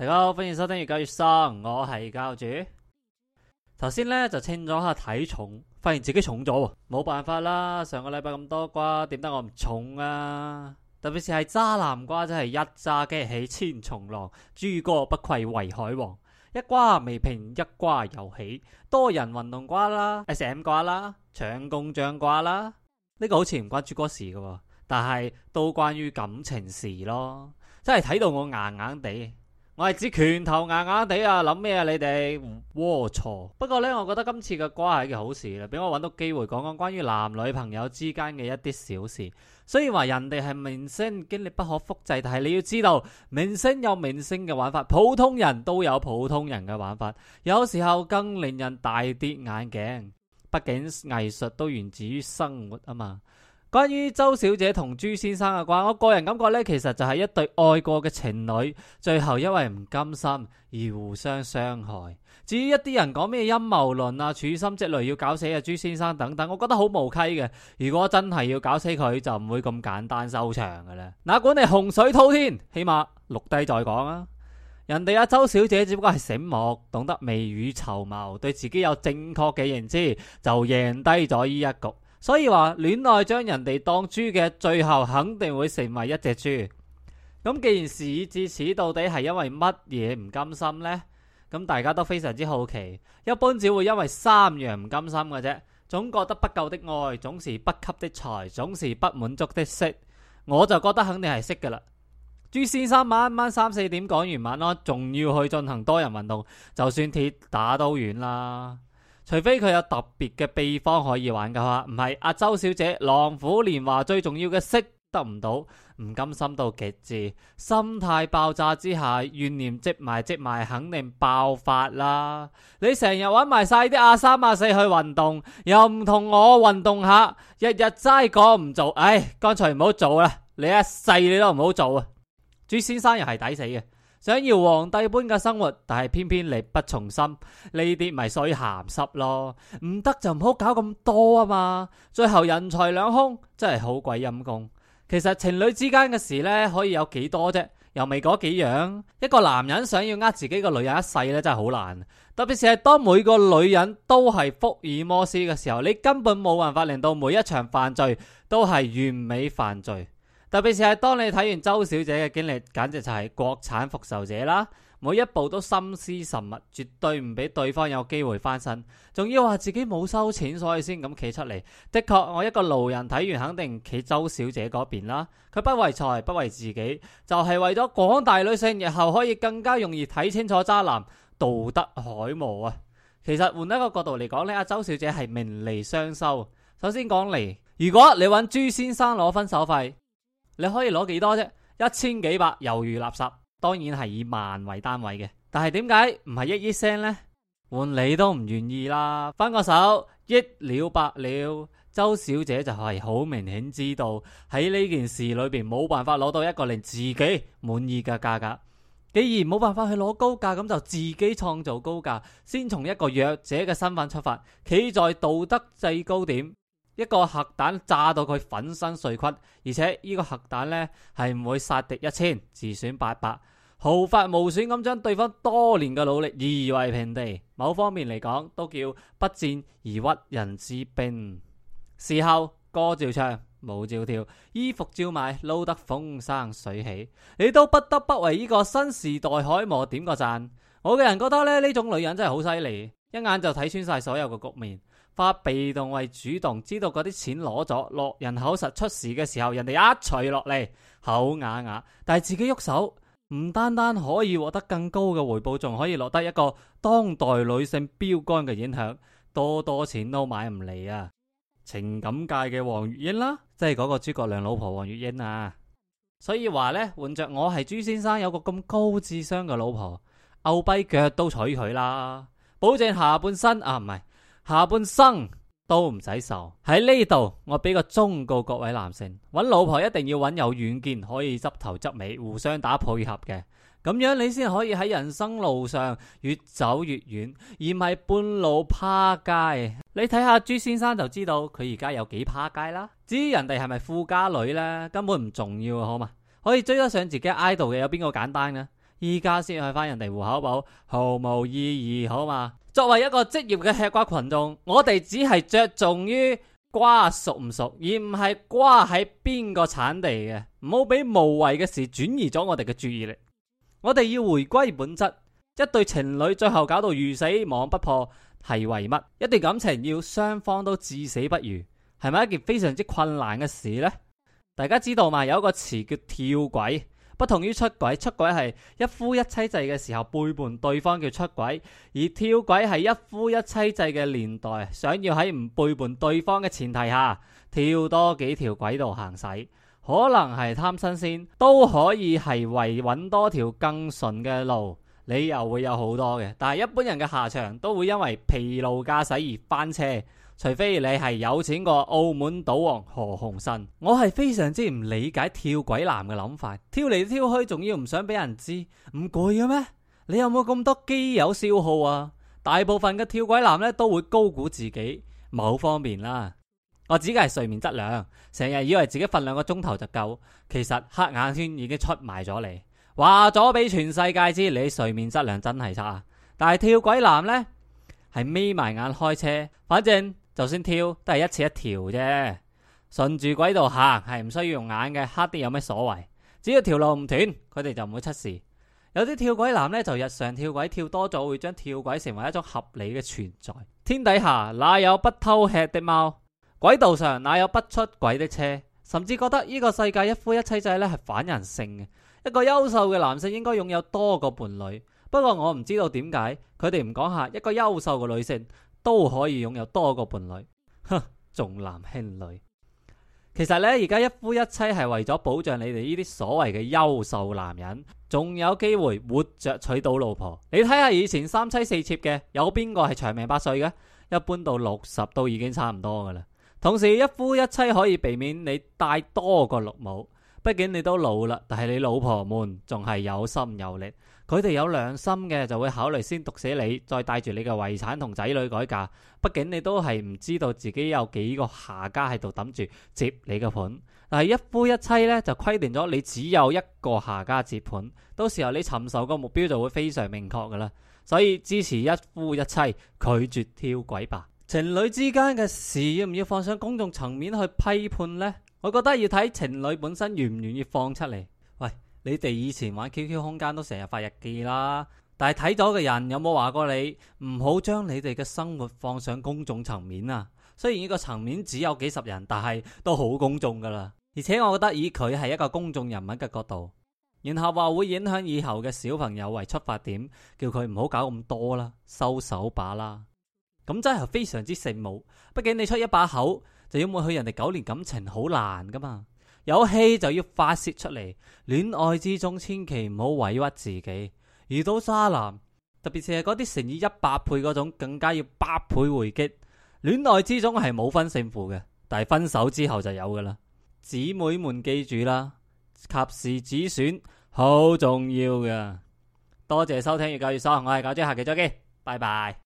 大家好，歡迎收聽越教越生，我係教主。頭先咧就稱咗下體重，發現自己重咗，冇辦法啦。上個禮拜咁多瓜，點解我唔重啊？特別是係渣男瓜，真、就、係、是、一揸激起千重浪，豬哥不愧為海王。一瓜未平，一瓜又起，多人運動瓜啦 SM 瓜啦，搶共獎瓜啦。呢、這個好似唔關豬哥事嘅、哦，但係都關於感情事咯，真係睇到我硬硬地。我係指拳頭硬硬地啊！諗咩啊？你哋齷齪。不過呢，我覺得今次嘅瓜係一件好事啦，俾我揾到機會講講關於男女朋友之間嘅一啲小事。雖然話人哋係明星經歷不可複製，但係你要知道，明星有明星嘅玩法，普通人都有普通人嘅玩法。有時候更令人大跌眼鏡，畢竟藝術都源自於生活啊嘛。關於周小姐同朱先生嘅關，我個人感覺咧，其實就係一對愛過嘅情侶，最後因為唔甘心而互相傷害。至於一啲人講咩陰謀論啊，處心積慮要搞死阿朱先生等等，我覺得好無稽嘅。如果真係要搞死佢，就唔會咁簡單收場嘅啦。哪管你洪水滔天，起碼錄低再講啊。人哋阿周小姐只不過係醒目，懂得未雨綢繆，對自己有正確嘅認知，就贏低咗呢一局。所以話戀愛將人哋當豬嘅，最後肯定會成為一隻豬。咁既然事已至此，到底係因為乜嘢唔甘心呢？咁大家都非常之好奇。一般只會因為三樣唔甘心嘅啫，總覺得不夠的愛，總是不給的財，總是不滿足的色。我就覺得肯定係色噶啦。朱先生晚晚三四點講完晚安，仲要去進行多人運動，就算鐵打都軟啦。除非佢有特別嘅秘方可以玩嘅話，唔係阿周小姐《狼虎年華》最重要嘅色得唔到，唔甘心到極致，心態爆炸之下怨念積埋積埋，埋，肯定爆發啦！你成日搵埋晒啲阿三阿四去運動，又唔同我運動下，日日齋講唔做，唉、哎，乾脆唔好做啦！你一世你都唔好做啊！朱先生又係抵死嘅。想要皇帝般嘅生活，但係偏偏力不從心，呢啲咪所以鹹濕咯？唔得情就唔好搞咁多啊嘛！最後人財兩空，真係好鬼陰功。其實情侶之間嘅事呢，可以有幾多啫？又未嗰幾樣。一個男人想要呃自己嘅女人一世呢，真係好難。特別是係當每個女人都係福爾摩斯嘅時候，你根本冇辦法令到每一場犯罪都係完美犯罪。特別是係當你睇完周小姐嘅經歷，簡直就係國產復仇者啦。每一步都心思縝密，絕對唔俾對方有機會翻身。仲要話自己冇收錢，所以先咁企出嚟。的確，我一個路人睇完肯定企周小姐嗰邊啦。佢不為財，不為自己，就係、是、為咗廣大女性日後可以更加容易睇清楚渣男道德海無啊。其實換一個角度嚟講，呢阿周小姐係名利雙收。首先講利，如果你揾朱先生攞分手費。你可以攞幾多啫？一千幾百猶如垃圾，當然係以萬為單位嘅。但係點解唔係億億聲呢？換你都唔願意啦。分個手，一了百了。周小姐就係好明顯知道喺呢件事裏邊冇辦法攞到一個令自己滿意嘅價格。既然冇辦法去攞高價，咁就自己創造高價。先從一個弱者嘅身份出發，企在道德制高點。一個核彈炸到佢粉身碎骨，而且呢個核彈呢係唔會殺敵一千自損八百，毫髮無損咁將對方多年嘅努力夷為平地。某方面嚟講，都叫不戰而屈人之兵。事後，歌照唱，舞照跳，衣服照買，撈得風生水起。你都不得不為呢個新時代海魔點個贊。我個人覺得呢，呢種女人真係好犀利，一眼就睇穿晒所有嘅局面。化被動為主動，知道嗰啲錢攞咗落人口實出事嘅時候，人哋一除落嚟口啞啞，但係自己喐手，唔單單可以獲得更高嘅回報，仲可以獲得一個當代女性標杆嘅影響，多多錢都買唔嚟啊！情感界嘅黃月英啦，即係嗰個諸葛亮老婆黃月英啊，所以話呢，換着我係朱先生，有個咁高智商嘅老婆，牛跛腳都娶佢啦，保證下半身啊，唔係。下半生都唔使愁，喺呢度我俾個忠告各位男性，揾老婆一定要揾有遠見，可以執頭執尾，互相打配合嘅，咁樣你先可以喺人生路上越走越遠，而唔係半路趴街。你睇下朱先生就知道佢而家有幾趴街啦。至於人哋係咪富家女呢？根本唔重要，好嘛？可以追得上自己 idol 嘅有邊個簡單呢？依家先去翻人哋戶口簿，毫無意義，好嘛？作為一個職業嘅吃瓜群眾，我哋只係着重於瓜熟唔熟，而唔係瓜喺邊個產地嘅。唔好俾無謂嘅事轉移咗我哋嘅注意力。我哋要回歸本質。一對情侶最後搞到魚死網不破，係為乜？一段感情要雙方都至死不渝，係咪一件非常之困難嘅事呢？大家知道嘛？有一個詞叫跳軌。不同於出軌，出軌係一夫一妻制嘅時候背叛對方叫出軌，而跳軌係一夫一妻制嘅年代，想要喺唔背叛對方嘅前提下跳多幾條軌道行駛，可能係貪新鮮，都可以係為揾多條更順嘅路，理由會有好多嘅。但係一般人嘅下場都會因為疲勞駕駛而翻車。除非你係有錢過澳門賭王何鴻燊，我係非常之唔理解跳軌男嘅諗法，跳嚟跳去仲要唔想俾人知，唔攰嘅咩？你有冇咁多機油消耗啊？大部分嘅跳軌男咧都會高估自己某方面啦。我指嘅係睡眠質量，成日以為自己瞓兩個鐘頭就夠，其實黑眼圈已經出埋咗嚟，話咗俾全世界知你睡眠質量真係差。但係跳軌男咧係眯埋眼開車，反正。就算跳都係一次一條啫，順住軌道行係唔需要用眼嘅，黑啲有咩所謂？只要條路唔斷，佢哋就唔會出事。有啲跳軌男咧就日常跳軌跳多咗，會將跳軌成為一種合理嘅存在。天底下哪有不偷吃的貓？軌道上哪有不出軌的車？甚至覺得呢個世界一夫一妻制咧係反人性嘅。一個優秀嘅男性應該擁有多個伴侶。不過我唔知道點解佢哋唔講下一個優秀嘅女性。都可以擁有多個伴侶，哼，重男輕女。其實咧，而家一夫一妻係為咗保障你哋呢啲所謂嘅優秀男人，仲有機會活着娶到老婆。你睇下以前三妻四妾嘅，有邊個係長命百歲嘅？一般到六十都已經差唔多噶啦。同時，一夫一妻可以避免你帶多個綠帽。畢竟你都老啦，但係你老婆們仲係有心有力，佢哋有良心嘅就會考慮先毒死你，再帶住你嘅遺產同仔女改嫁。畢竟你都係唔知道自己有幾個下家喺度等住接你嘅盤。但係一夫一妻咧就規定咗你只有一個下家接盤，到時候你尋仇個目標就會非常明確噶啦。所以支持一夫一妻，拒絕跳軌吧。情侶之間嘅事要唔要放上公眾層面去批判呢？我覺得要睇情侶本身願唔願意放出嚟。喂，你哋以前玩 QQ 空間都成日發日記啦，但係睇咗嘅人有冇話過你唔好將你哋嘅生活放上公眾層面啊？雖然呢個層面只有幾十人，但係都好公眾噶啦。而且我覺得以佢係一個公眾人物嘅角度，然後話會影響以後嘅小朋友為出發點，叫佢唔好搞咁多啦，收手把啦。咁真係非常之聖母，畢竟你出一把口。就要抹去人哋九年感情好難噶嘛，有氣就要發泄出嚟。戀愛之中千祈唔好委屈自己，遇到渣男，特別是係嗰啲乘以一百倍嗰種，更加要百倍回擊。戀愛之中係冇分勝負嘅，但係分手之後就有噶啦。姊妹們記住啦，及時止損好重要嘅。多謝收聽《越教越爽》，我係九章，下期再見，拜拜。